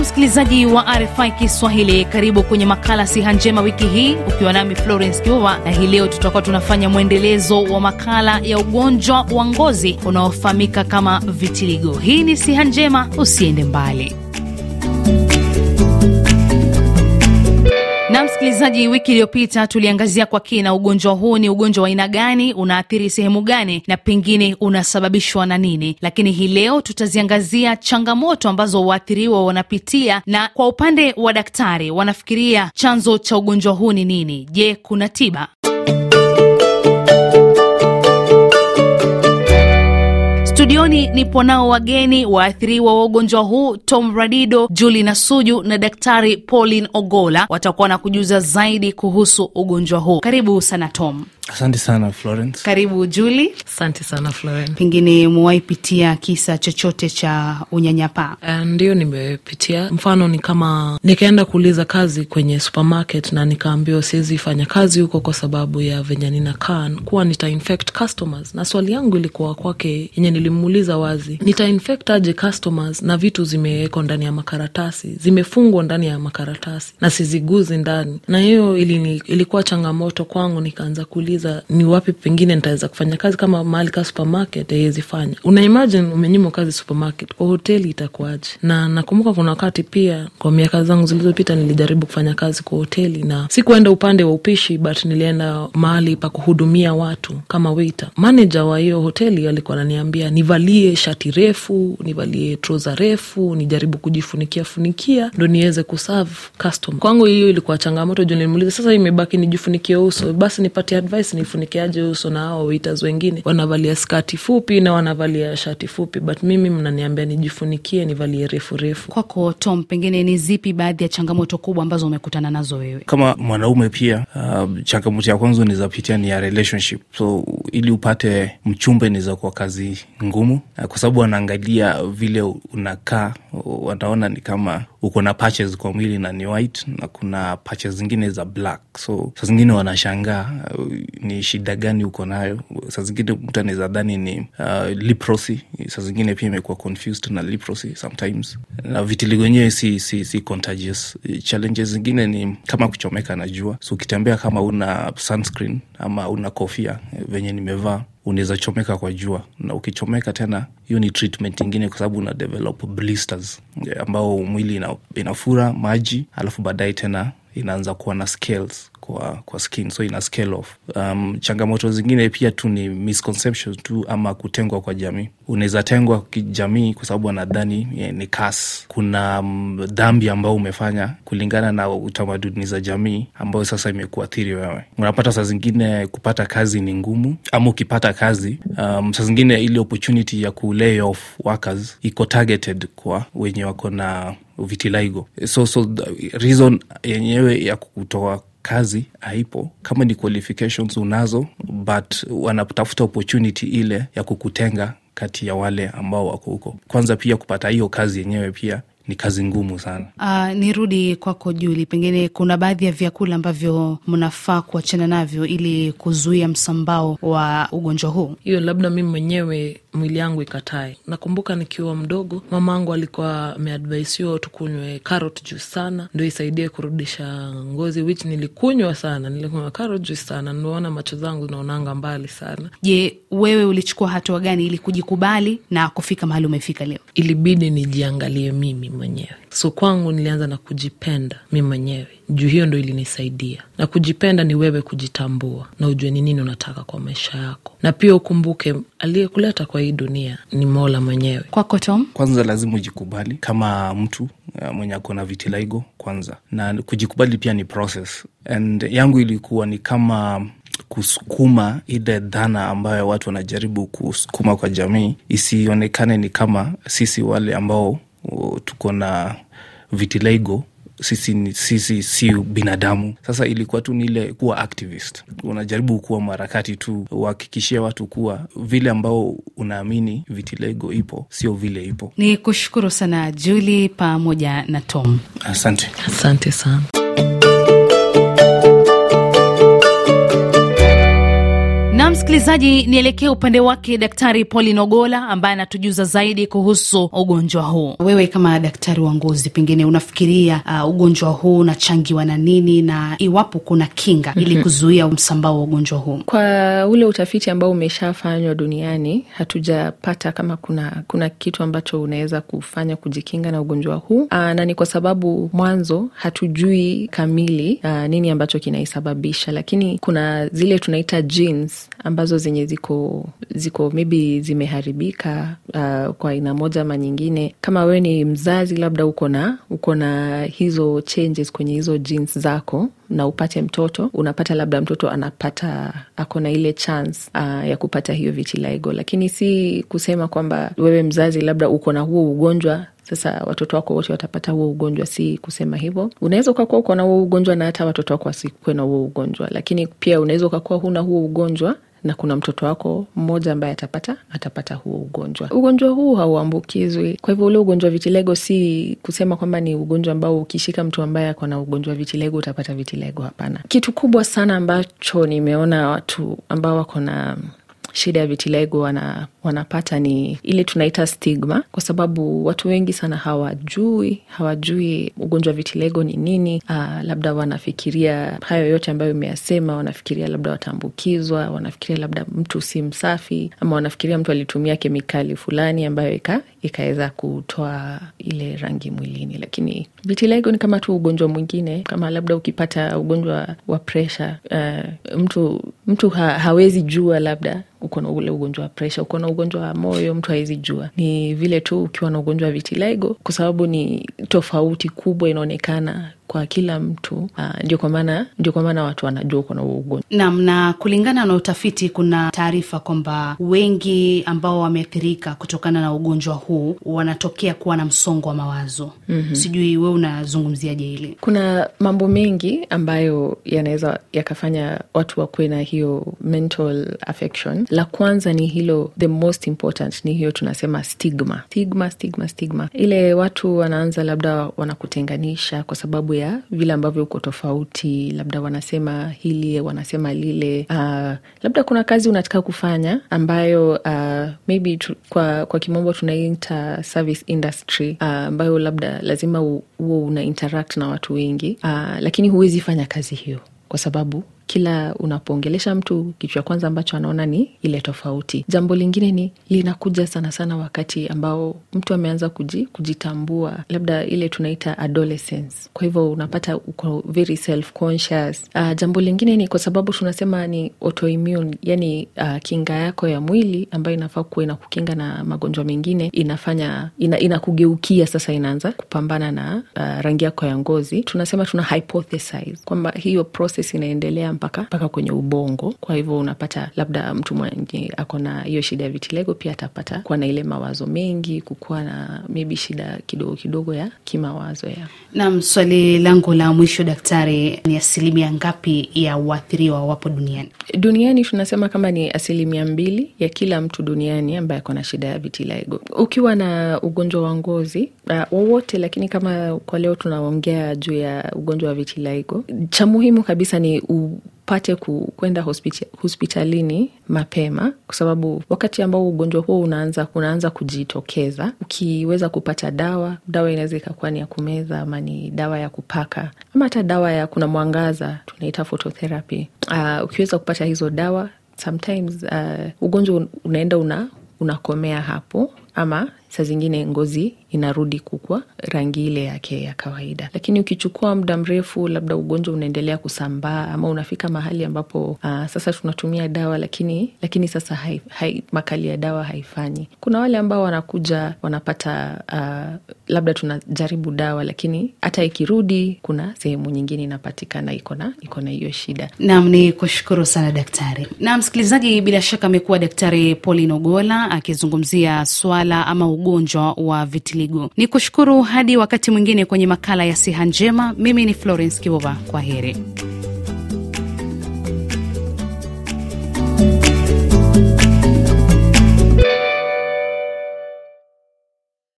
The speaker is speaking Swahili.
msikilizaji wa RFI Kiswahili, karibu kwenye makala siha njema wiki hii, ukiwa nami Florence Kiuva, na hii leo tutakuwa tunafanya mwendelezo wa makala ya ugonjwa wa ngozi unaofahamika kama vitiligo. Hii ni siha njema, usiende mbali. Na msikilizaji, wiki iliyopita tuliangazia kwa kina ugonjwa huu ni ugonjwa wa aina gani, unaathiri sehemu gani, na pengine unasababishwa na nini. Lakini hii leo tutaziangazia changamoto ambazo waathiriwa wanapitia, na kwa upande wa daktari wanafikiria chanzo cha ugonjwa huu ni nini? Je, kuna tiba? Studioni nipo nao wageni waathiriwa wa ugonjwa huu Tom Radido, Juli na Suju na Daktari Pauline Ogola watakuwa na kujuza zaidi kuhusu ugonjwa huu. Karibu sana Tom. Asante sana Florence. Karibu Juli. Asante sana Florence. Pengine umewaipitia kisa chochote cha unyanyapaa? Eh, ndio, nimepitia. Mfano ni kama nikaenda kuuliza kazi kwenye supermarket na nikaambiwa siwezi fanya kazi huko kwa sababu ya venye ninakaa kuwa nita infect customers, na swali yangu ilikuwa kwake yenye nilimuuliza wazi, nita infect aje customers na vitu zimewekwa ndani ya makaratasi, zimefungwa ndani ya makaratasi na siziguzi ndani, na hiyo ilikuwa changamoto kwangu, nikaanza kuuliza kujiuliza ni wapi pengine nitaweza kufanya kazi kama mahali ka supermarket haiwezi eh, fanya. Una imagine kazi supermarket, kwa hoteli itakuaji Na nakumbuka kuna wakati pia kwa miaka zangu zilizopita nilijaribu kufanya kazi kwa hoteli na sikuenda upande wa upishi, but nilienda mahali pa kuhudumia watu kama waiter. Manager wa hiyo hoteli alikuwa ananiambia nivalie shati refu, nivalie troza refu, nijaribu kujifunikia funikia ndo niweze kuserve customer. Kwangu hiyo ilikuwa changamoto juu nilimuuliza, sasa imebaki nijifunikie uso, basi nipatie advice otherwise nifunikiaje uso na hao waiters wengine wanavalia skati fupi na wanavalia shati fupi but mimi mnaniambia nijifunikie nivalie refu refu kwako tom pengine ni zipi baadhi ya changamoto kubwa ambazo umekutana nazo wewe kama mwanaume pia uh, changamoto ya kwanza nizapitia ni ya relationship so ili upate mchumbe niza kwa kazi ngumu uh, kwa sababu wanaangalia vile unakaa wataona ni kama uko na patches kwa mwili na ni white na kuna patches zingine za black so sa zingine wanashangaa ni shida gani uko nayo. Saa zingine mtu anaweza dhani ni uh, leprosy. Saa zingine pia imekuwa confused na leprosy sometimes, na vitiligo yenyewe si, si, si contagious. Challenges zingine ni kama kuchomeka na jua, so ukitembea kama una sunscreen ama una kofia venye nimevaa unaweza chomeka kwa jua, na ukichomeka tena, hiyo ni treatment ingine, kwa sababu una develop blisters eh, ambao mwili ina, inafura maji alafu baadaye tena inaanza kuwa na scales kwa, kwa skin so ina scale off. Um, changamoto zingine pia tu ni misconception tu ama kutengwa kwa jamii. Unaweza tengwa kijamii kwa sababu anadhani eh, ni kas, kuna um, dhambi ambayo umefanya kulingana na utamaduni za jamii ambayo sasa imekuathiri wewe. Unapata saa zingine kupata kazi ni ngumu, ama ukipata kazi um, saa zingine ile opportunity ya ku lay off workers iko targeted kwa wenye wako na vitiligo so, so the reason yenyewe ya kutoa kazi haipo, kama ni qualifications unazo, but wanatafuta opportunity ile ya kukutenga kati ya wale ambao wako huko. Kwanza pia kupata hiyo kazi yenyewe pia ni kazi ngumu sana. Uh, nirudi kwako Juli, pengine kuna baadhi ya vyakula ambavyo mnafaa kuachana navyo ili kuzuia msambao wa ugonjwa huu. Hiyo labda mimi mwenyewe mwili yangu ikatae. Nakumbuka nikiwa mdogo, mama angu alikuwa ameadvaisiwa tukunywe carrot juice sana ndo isaidie kurudisha ngozi, which nilikunywa sana, nilikunywa carrot juice sana, ndoona macho zangu naonanga mbali sana. Je, wewe ulichukua hatua gani ili kujikubali na kufika mahali umefika leo? Ilibidi nijiangalie mimi mwenyewe So kwangu nilianza na kujipenda mi mwenyewe, juu hiyo ndo ilinisaidia. Na kujipenda ni wewe kujitambua na ujue ni nini unataka kwa maisha yako, na pia ukumbuke aliyekuleta kwa hii dunia ni Mola mwenyewe. Kwako Tom? Kwanza lazima ujikubali kama mtu eh, mwenye ako na vitiligo kwanza, na kujikubali pia ni process. And yangu ilikuwa ni kama kusukuma ile dhana ambayo watu wanajaribu kusukuma kwa jamii, isionekane ni kama sisi wale ambao tuko na vitiligo sisi, sisi si binadamu. Sasa ilikuwa tu ni ile kuwa activist, unajaribu kuwa marakati tu, uhakikishie watu kuwa vile ambao unaamini vitilego ipo sio vile ipo. Ni kushukuru sana juli pamoja na Tom, asante, asante sana. msikilizaji, nielekee upande wake Daktari poli nogola ambaye anatujuza zaidi kuhusu ugonjwa huu. Wewe kama daktari wa ngozi, pengine unafikiria uh, ugonjwa huu unachangiwa na nini na iwapo kuna kinga ili mhm. kuzuia msambao wa ugonjwa huu? Kwa ule utafiti ambao umeshafanywa duniani, hatujapata kama kuna, kuna kitu ambacho unaweza kufanya kujikinga na ugonjwa huu uh, na ni kwa sababu mwanzo hatujui kamili uh, nini ambacho kinaisababisha, lakini kuna zile tunaita genes ambazo zenye ziko ziko maybe zimeharibika uh, kwa aina moja ama nyingine. Kama wewe ni mzazi, labda uko na uko na hizo changes kwenye hizo genes zako na upate mtoto, unapata labda mtoto anapata ako na ile chance uh, ya kupata hiyo vitiligo, lakini si kusema kwamba wewe mzazi labda uko na huo ugonjwa sasa watoto wako wote watapata huo ugonjwa. Si kusema hivyo. Unaweza ukakuwa uko na huo ugonjwa na hata watoto wako wasikuwe na huo ugonjwa, lakini pia unaweza ukakuwa huna huo ugonjwa na kuna mtoto wako mmoja ambaye atapata atapata huo ugonjwa. Ugonjwa huu hauambukizwi, kwa hivyo ule ugonjwa wa vitilego si kusema kwamba ni ugonjwa ambao ukishika mtu ambaye ako na ugonjwa wa vitilego utapata vitilego. Hapana. Kitu kubwa sana ambacho nimeona watu ambao wako na shida ya vitiligo wana, wanapata ni ile tunaita stigma, kwa sababu watu wengi sana hawajui hawajui ugonjwa wa vitiligo ni nini. Uh, labda wanafikiria hayo yote ambayo imeyasema, wanafikiria labda wataambukizwa, wanafikiria labda mtu si msafi, ama wanafikiria mtu alitumia kemikali fulani ambayo ika ikaweza kutoa ile rangi mwilini, lakini vitiligo ni kama tu ugonjwa mwingine, kama labda ukipata ugonjwa wa presha uh, mtu mtu ha, hawezi jua labda uko na ule ugonjwa wa presha, uko na ugonjwa wa moyo, mtu hawezi jua. Ni vile tu ukiwa na ugonjwa wa vitiligo, kwa sababu ni tofauti kubwa inaonekana kwa kila mtu. Ah, ndio kwa maana ndio kwa maana watu wanajua uko na huo ugonjwa nam. Na kulingana na utafiti, kuna taarifa kwamba wengi ambao wameathirika kutokana na ugonjwa huu wanatokea kuwa na msongo wa mawazo. mm -hmm. Sijui we unazungumziaje hili? Kuna mambo mengi ambayo yanaweza yakafanya watu wakuwe na hiyo hiyo mental affection. La kwanza ni hilo, the most important ni hiyo tunasema stigma, stigma, stigma, stigma. Ile watu wanaanza labda wanakutenganisha kwa sababu ya vile ambavyo uko tofauti, labda wanasema hili, wanasema lile. Uh, labda kuna kazi unataka kufanya ambayo uh, maybe tu, kwa, kwa kimombo tunaita service industry uh, ambayo labda lazima huo una interact na watu wengi uh, lakini huwezi fanya kazi hiyo kwa sababu kila unapoongelesha mtu, kitu cha kwanza ambacho anaona ni ile tofauti. Jambo lingine ni linakuja sana sana wakati ambao mtu ameanza kuji, kujitambua, labda ile tunaita adolescence. Kwa hivyo unapata uko very self conscious. Uh, ah, jambo lingine ni kwa sababu tunasema ni autoimmune, yani uh, kinga yako ya mwili ambayo inafaa kuwa inakukinga na magonjwa mengine inafanya ina, inakugeukia sasa, inaanza kupambana na uh, rangi yako ya ngozi. Tunasema tuna hypothesize kwamba hiyo process inaendelea mpaka mpaka kwenye ubongo. Kwa hivyo unapata labda mtu mwenye ako na hiyo shida ya vitiligo pia atapata kuwa na ile mawazo mengi, kukuwa na maybe shida kidogo kidogo ya kimawazo ya. nam. swali langu la mwisho daktari, ni asilimia ngapi ya uathiriwa wapo duniani? Duniani tunasema kama ni asilimia mbili ya kila mtu duniani ambaye ako na shida ya vitiligo. Ukiwa na ugonjwa wa ngozi uh, wowote uh, lakini kama kwa leo tunaongea juu ya ugonjwa wa vitiligo, cha muhimu kabisa ni upate kwenda hospitalini mapema, kwa sababu wakati ambao ugonjwa huo unaanza unaanza kujitokeza, ukiweza kupata dawa, dawa inaweza ikakuwa ni ya kumeza ama ni dawa ya kupaka ama hata dawa ya kuna mwangaza tunaita phototherapy. Uh, ukiweza kupata hizo dawa sometimes uh, ugonjwa unaenda una unakomea hapo, ama saa zingine ngozi inarudi kukwa rangi ile yake ya kawaida. Lakini ukichukua muda mrefu, labda ugonjwa unaendelea kusambaa ama unafika mahali ambapo aa, ah, sasa tunatumia dawa lakini, lakini sasa hai, hai, makali ya dawa haifanyi. Kuna wale ambao wanakuja wanapata aa, ah, labda tunajaribu dawa lakini hata ikirudi kuna sehemu nyingine inapatikana iko na iko na hiyo shida. Naam, ni kushukuru sana daktari. Na msikilizaji, bila shaka amekuwa Daktari Pauline Ogola akizungumzia swala ama ugonjwa wa vitiligo Ligu. Ni kushukuru hadi wakati mwingine kwenye makala ya Siha Njema. Mimi ni Florence Kivuva, kwa heri.